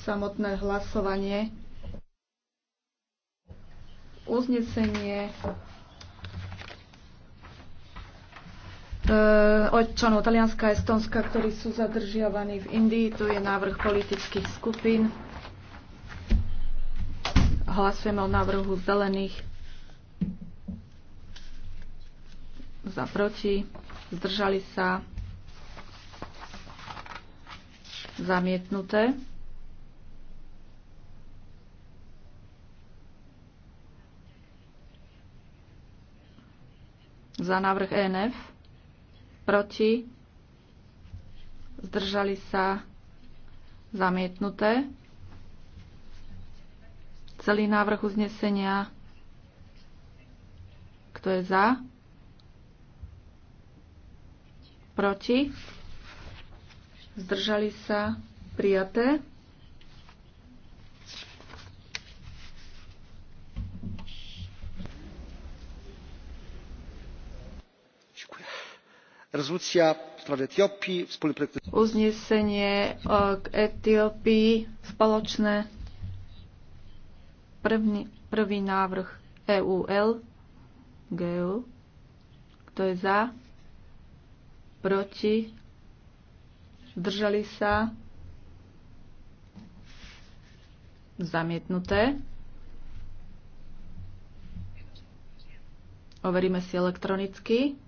samotné hlasovanie. Uznesenie e, občanov Talianska a Estonska, ktorí sú zadržiavaní v Indii. Tu je návrh politických skupín. Hlasujeme o návrhu zelených. Za proti. Zdržali sa. Zamietnuté. za návrh ENF, proti, zdržali sa zamietnuté. Celý návrh uznesenia, kto je za, proti, zdržali sa prijaté. uznesenie e, k etiópii spoločné prvný, prvý návrh EUL GU kto je za proti zdržali sa zamietnuté overíme si elektronicky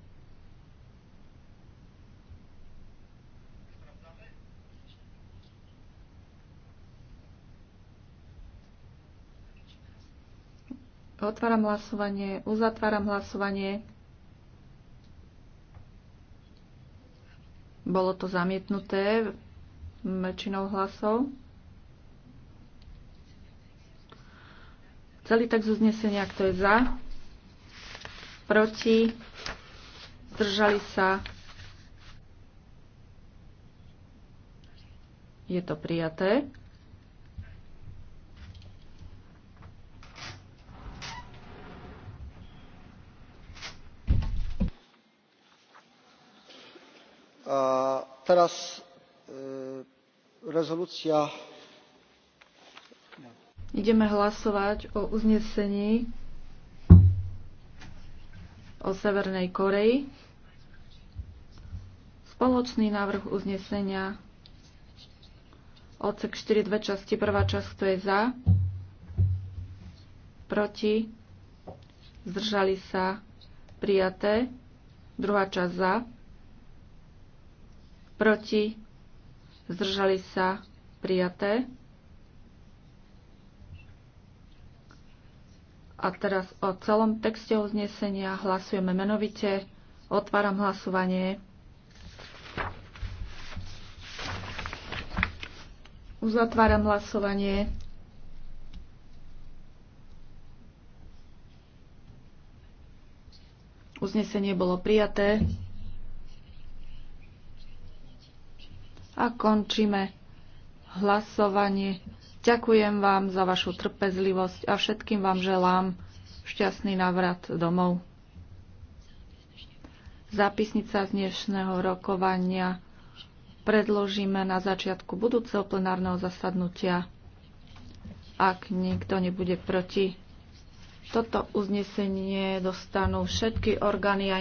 Otváram hlasovanie, uzatváram hlasovanie. Bolo to zamietnuté väčšinou hlasov. Celý text uznesenia, kto je za, proti, zdržali sa. Je to prijaté. teraz e, rezolúcia Ideme hlasovať o uznesení o Severnej Koreji. Spoločný návrh uznesenia odsek 4, dve časti. Prvá časť, kto je za, proti, zdržali sa, prijaté. Druhá časť za, proti, zdržali sa, prijaté. A teraz o celom texte uznesenia hlasujeme menovite. Otváram hlasovanie. Uzatváram hlasovanie. Uznesenie bolo prijaté. a končíme hlasovanie. Ďakujem vám za vašu trpezlivosť a všetkým vám želám šťastný návrat domov. Zápisnica z dnešného rokovania predložíme na začiatku budúceho plenárneho zasadnutia, ak nikto nebude proti. Toto uznesenie dostanú všetky orgány aj